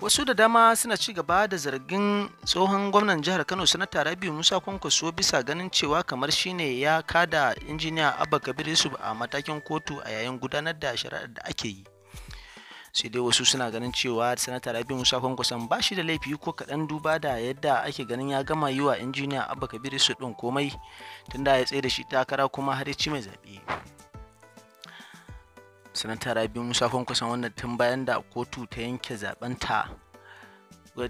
wasu da dama suna ci gaba da zargin tsohon gwamnan jihar kano sanata rabiu musa kwankwaso bisa ganin cewa kamar shine ya kada injiniya abba kabir yusuf a matakin kotu a yayin gudanar da shari'ar da ake yi sai dai wasu suna ganin cewa sanata rabiu musa kwankwaso ba shi da laifi ko kaɗan duba da yadda ake ganin ya gama yi wa injiniya abba kabir yusuf ɗin komai tunda ya tsaye da shi takara kuma har ya ci mai zaɓe sanata rabi musa kwankwason wannan tun bayan da kotu ta yanke zaben ta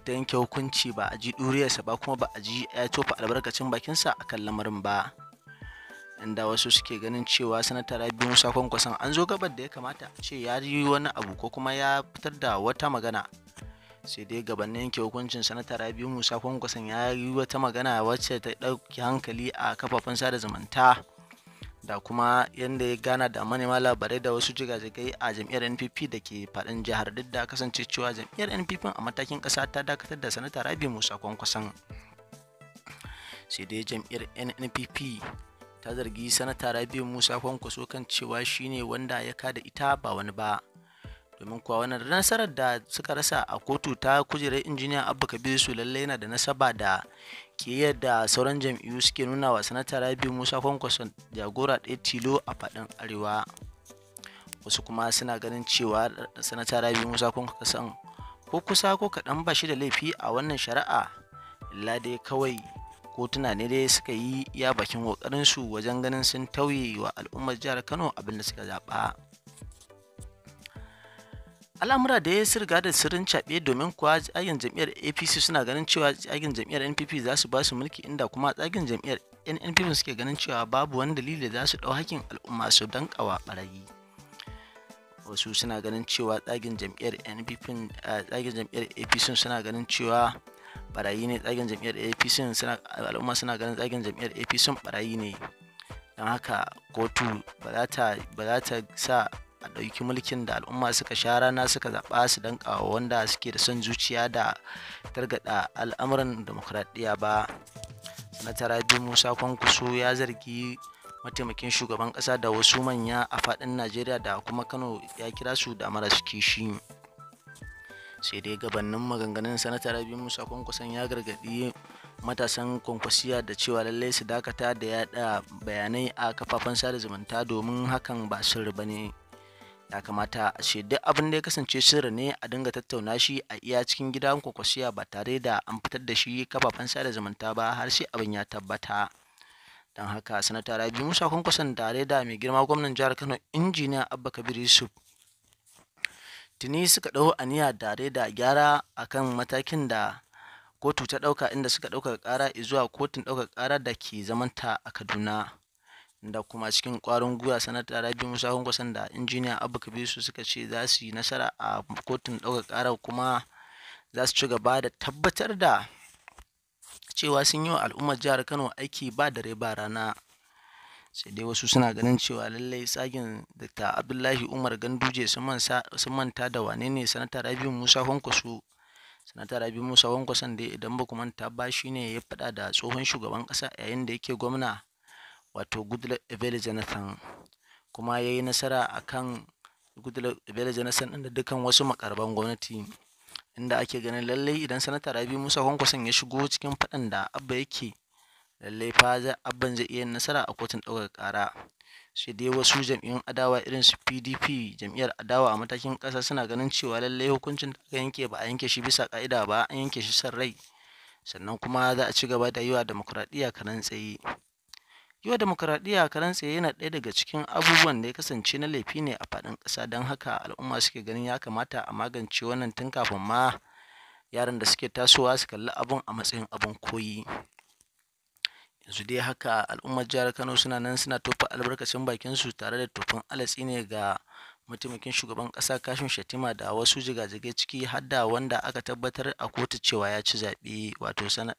ta yanke hukunci ba a ji duriyarsa ba kuma ba a ji ya tofa albarkacin bakinsa a kan lamarin ba inda wasu suke ganin cewa sanata rabi musa kwankwason an zo gabar da ya kamata a ce ya yi wani abu ko kuma ya fitar da wata magana sai dai gabanin yanke hukuncin sanata rabi musa kwankwason ya yi wata magana wacce ta ɗauki hankali a kafafen sada zumunta da kuma yadda ya gana da manema labarai da wasu jigajigai a jam'iyyar npp da ke faɗin jihar duk da kasance cewa jam'iyyar npp a matakin ƙasa ta dakatar da sanata rabi musa kwankwason sai dai jam'iyyar npp ta zargi sanata rabi musa kwankwaso kan cewa shine wanda ya kada ita ba wani ba domin kuwa wannan nasarar da suka rasa a kotu ta kujerar injiniya abu kabiru su lallai yana da nasaba da ke yadda sauran jam'iyyu suke nuna wa sanata rabi musa kwankwason jagora ɗaya tilo a faɗin arewa wasu kuma suna ganin cewa sanata rabi musa kwankwason ko kusa ko kaɗan ba shi da laifi a wannan shari'a illa dai kawai kotuna ne dai suka yi ya bakin su wajen ganin sun tauye wa al'ummar jihar kano abinda suka zaɓa al'amura da ya sirga da sirrin caɓe domin kuwa tsagen jam'iyyar apc suna ganin cewa tsagen jam'iyyar npp za su ba su mulki inda kuma tsagen jam'iyyar npp suke ganin cewa babu wani dalili za su ɗau hakkin al'umma su dan ƙawa ɓarayi wasu suna ganin cewa tsagen jam'iyyar npp tsagen jam'iyyar apc suna ganin cewa ɓarayi ne tsagen jam'iyyar apc suna al'umma suna ganin tsagen jam'iyyar apc ɓarayi ne don haka kotu ba za ta sa a ɗauki mulkin da al'umma suka sha rana suka zaɓa su don kawo wanda suke da son zuciya da targaɗa al'amuran demokuraɗiyya ba sanata musa kwankwaso ya zargi mataimakin shugaban ƙasa da wasu manya a faɗin najeriya da kuma kano ya kira su da su kishi sai dai gabanin maganganun sanata rabi musa kwankwason ya gargaɗi matasan kwankwasiya da cewa lallai su dakata da yada bayanai a kafafen sada zumunta domin hakan ba sirri ba ne ya kamata a ce duk abin da ya kasance sirri ne a dinga tattauna shi a iya cikin gidan kwakwasiya ba tare da an fitar da shi kafafen sada zumunta ba har sai abin ya tabbata don haka sanata rabi musa kwankwason tare da mai girma gwamnan jihar kano injiniya abba kabir yusuf tuni suka ɗau aniya tare da gyara akan matakin da kotu ta ɗauka inda suka ɗauka ƙara zuwa kotun ɗaukar ƙara da ke zamanta a kaduna da kuma cikin kwarin gwiwa sanata rabi musa kwankwason da injiniya abu kabisu suka ce za su yi nasara a kotun ɗaukar ƙara kuma za su ci gaba da tabbatar da cewa sun yi wa al'ummar jihar kano aiki ba dare ba rana sai dai wasu suna ganin cewa lallai tsagin ta abdullahi umar ganduje sun manta da wane ne sanata rabi musa su sanata rabi musa sanda idan ba manta ba ne ya faɗa da tsohon shugaban ƙasa yayin da yake gwamna wato goodluck ebele jonathan kuma ya yi nasara a kan goodluck ebele jonathan ɗin da dukkan wasu makarban gwamnati inda ake ganin lallai idan sanata rabi musa kwankwason ya shigo cikin faɗan da abba yake lallai fa abban zai iya nasara a kotun ɗaukar ƙara sai dai wasu jam'iyyun adawa irin su pdp jam'iyyar adawa a matakin ƙasa suna ganin cewa lallai hukuncin da aka yanke ba a yanke shi bisa ƙa'ida ba an yanke shi san rai sannan kuma za a ci gaba da yi wa demokuraɗiyya kanan tsaye Yau demokaradiyya karan tsaye yana ɗaya daga cikin abubuwan da ya kasance na laifi ne a faɗin ƙasa don haka al'umma suke ganin ya kamata a magance wannan tun kafin ma yaran da suke tasowa su kalli abun a matsayin abun koyi. Yanzu dai haka al'ummar jihar Kano suna nan suna tofa albarkacin bakin su tare da tofin alatsi ne ga mataimakin shugaban ƙasa kashin shatima da wasu jigajigai ciki har da wanda aka tabbatar a kotu cewa ya ci zaɓe wato sana